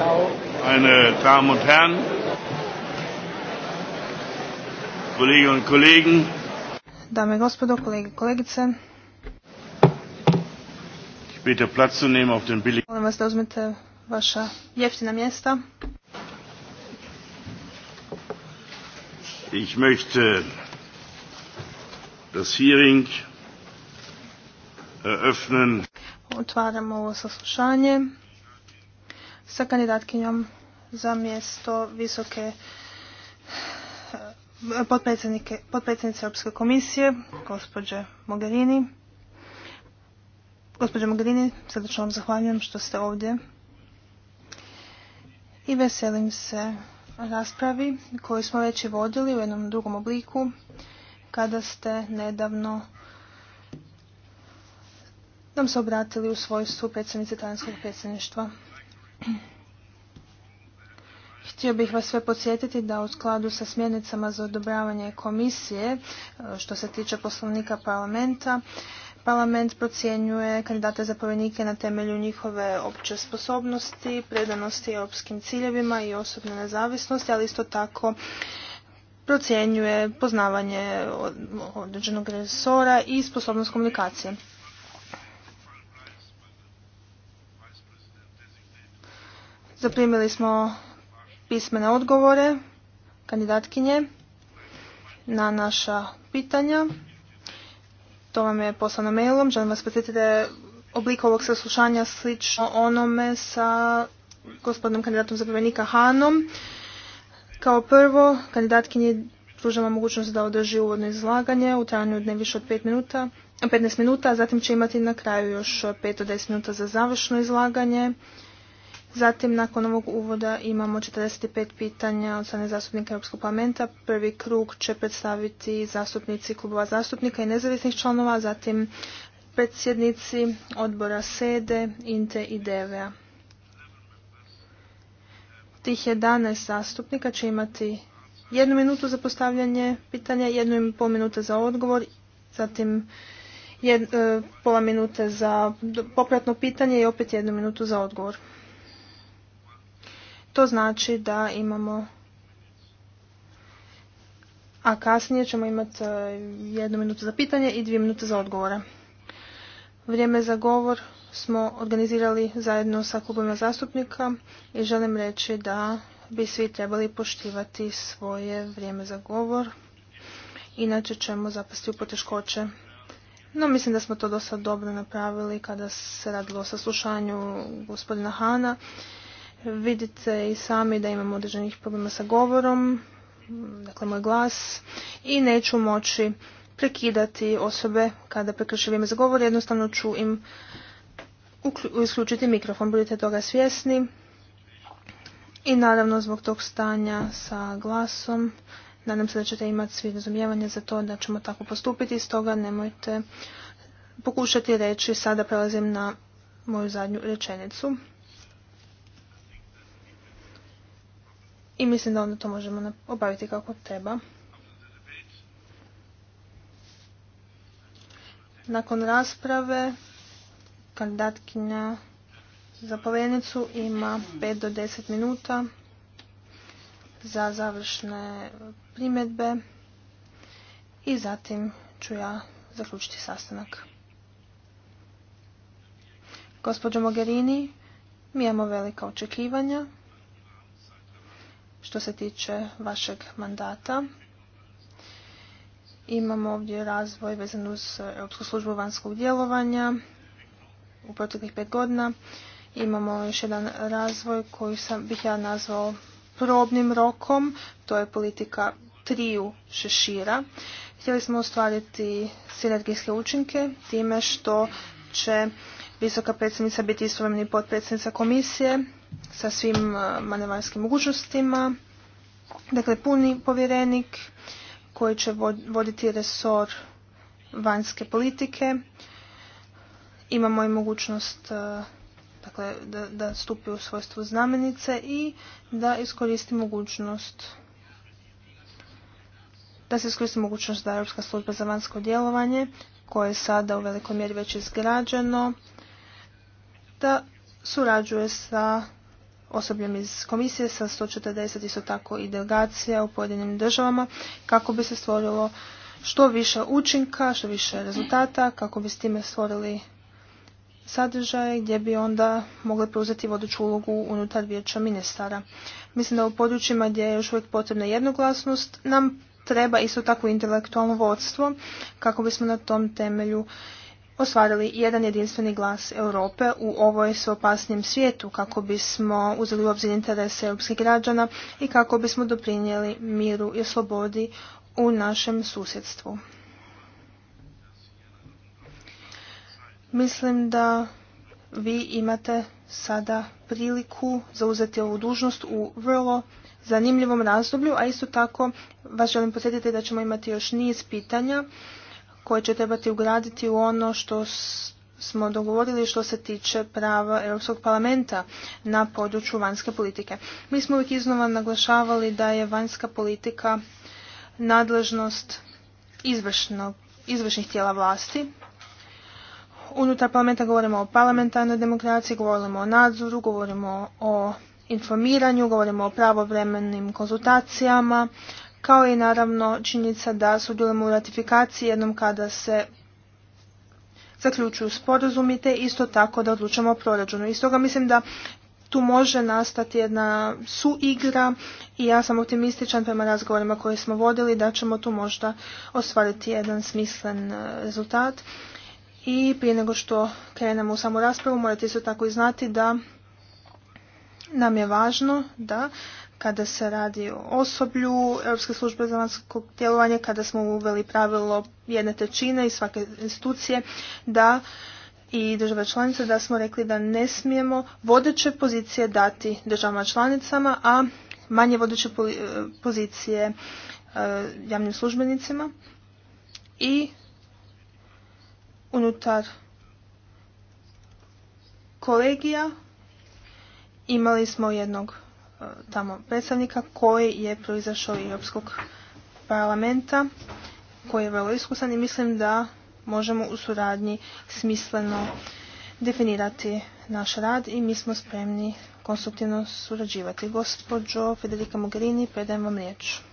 Meine Damen und Herren, Kolleginnen und Kollegen, Dame gospodo, kolege i kolegice, ich bitte Platz zu nehmen auf den billigen. Molim vas da uzmete vaša jeftina mjesta. Ich möchte das Hearing eröffnen. Otvaramo ovo saslušanje sa kandidatkinjom za mjesto visoke eh, potpredsjednice Europske komisije, gospođe Mogherini. Gospođe Mogherini, srdečno vam zahvaljujem što ste ovdje i veselim se raspravi koju smo već i vodili u jednom drugom obliku kada ste nedavno nam se obratili u svojstvu predsjednice Tajanskog predsjedništva. Htio bih vas sve podsjetiti da u skladu sa smjernicama za odobravanje komisije, e, što se tiče poslovnika parlamenta, Parlament procjenjuje kandidate za povjenike na temelju njihove opće sposobnosti, predanosti europskim ciljevima i osobne nezavisnosti, ali isto tako procjenjuje poznavanje određenog resora i sposobnost komunikacije. Zaprimili smo pismene odgovore kandidatkinje na naša pitanja. To vam je poslano mailom. Želim vas podsjetiti da je oblik ovog saslušanja slično onome sa gospodinom kandidatom za Hanom. Kao prvo, kandidatkinje pružamo mogućnost da održi uvodno izlaganje u trajanju ne više od 5 minuta, 15 minuta, a zatim će imati na kraju još 5 10 minuta za završno izlaganje Zatim, nakon ovog uvoda imamo 45 pitanja od strane zastupnika Europskog parlamenta. Prvi krug će predstaviti zastupnici klubova zastupnika i nezavisnih članova, zatim predsjednici odbora SEDE, INTE i DEVEA. Tih 11 zastupnika će imati jednu minutu za postavljanje pitanja, jednu i pol minuta za odgovor, zatim e, pola minute za popratno pitanje i opet jednu minutu za odgovor. To znači da imamo a kasnije ćemo imati e, jednu minutu za pitanje i dvije minute za odgovore. Vrijeme za govor smo organizirali zajedno sa klubima zastupnika i želim reći da bi svi trebali poštivati svoje vrijeme za govor. Inače ćemo zapasti u poteškoće. No, mislim da smo to dosta dobro napravili kada se radilo o saslušanju gospodina Hana Vidite i sami da imam određenih problema sa govorom, dakle moj glas, i neću moći prekidati osobe kada prekrše vrijeme za govor, jednostavno ću im isključiti mikrofon, budite toga svjesni. I naravno zbog tog stanja sa glasom, nadam se da ćete imati svi razumijevanje za to da ćemo tako postupiti, stoga nemojte pokušati reći, sada prelazim na moju zadnju rečenicu. i mislim da onda to možemo obaviti kako treba. Nakon rasprave kandidatkinja za povjednicu ima 5 do 10 minuta za završne primjedbe i zatim ću ja zaključiti sastanak. Gospođo Mogherini, mi imamo velika očekivanja što se tiče vašeg mandata. Imamo ovdje razvoj vezan uz Europsku službu vanjskog djelovanja u proteklih pet godina. Imamo još jedan razvoj koji sam, bih ja nazvao probnim rokom, to je politika triju šešira. Htjeli smo ostvariti sinergijske učinke time što će visoka predsjednica biti istovremeni potpredsjednica komisije sa svim e, manevarskim mogućnostima. Dakle, puni povjerenik koji će voditi resor vanjske politike. Imamo i mogućnost e, dakle, da, da stupi u svojstvu znamenice i da iskoristi mogućnost da se iskoristi mogućnost da Europska služba za vanjsko djelovanje, koje je sada u velikoj mjeri već izgrađeno, da surađuje sa osobljem iz komisije sa 140 isto tako i delegacija u pojedinim državama kako bi se stvorilo što više učinka, što više rezultata, kako bi s time stvorili sadržaj gdje bi onda mogli preuzeti vodeću ulogu unutar vijeća ministara. Mislim da u područjima gdje je još uvijek potrebna jednoglasnost nam treba isto tako intelektualno vodstvo kako bismo na tom temelju ostvarili jedan jedinstveni glas Europe u ovoj sve opasnijem svijetu kako bismo uzeli u obzir interese europskih građana i kako bismo doprinijeli miru i slobodi u našem susjedstvu. Mislim da vi imate sada priliku zauzeti ovu dužnost u vrlo zanimljivom razdoblju, a isto tako vas želim posjetiti da ćemo imati još niz pitanja koje će trebati ugraditi u ono što smo dogovorili što se tiče prava Europskog parlamenta na području vanjske politike. Mi smo uvijek iznova naglašavali da je vanjska politika nadležnost izvršnih tijela vlasti. Unutar parlamenta govorimo o parlamentarnoj demokraciji, govorimo o nadzoru, govorimo o informiranju, govorimo o pravovremenim konzultacijama, kao i naravno činjenica da sudjelujemo u ratifikaciji jednom kada se zaključuju sporazumi te isto tako da odlučamo o proračunu. I stoga mislim da tu može nastati jedna suigra i ja sam optimističan prema razgovorima koje smo vodili da ćemo tu možda ostvariti jedan smislen e, rezultat. I prije nego što krenemo u samu raspravu morate isto tako i znati da nam je važno da kada se radi o osoblju Europske službe za vanjsko djelovanje, kada smo uveli pravilo jedne tečine i svake institucije da i države članice da smo rekli da ne smijemo vodeće pozicije dati državama članicama, a manje vodeće e, pozicije e, javnim službenicima i unutar kolegija imali smo jednog tamo predstavnika koji je proizašao iz Europskog parlamenta koji je vrlo iskusan i mislim da možemo u suradnji smisleno definirati naš rad i mi smo spremni konstruktivno surađivati. Gospođo Federica Mogherini, predajem vam riječ.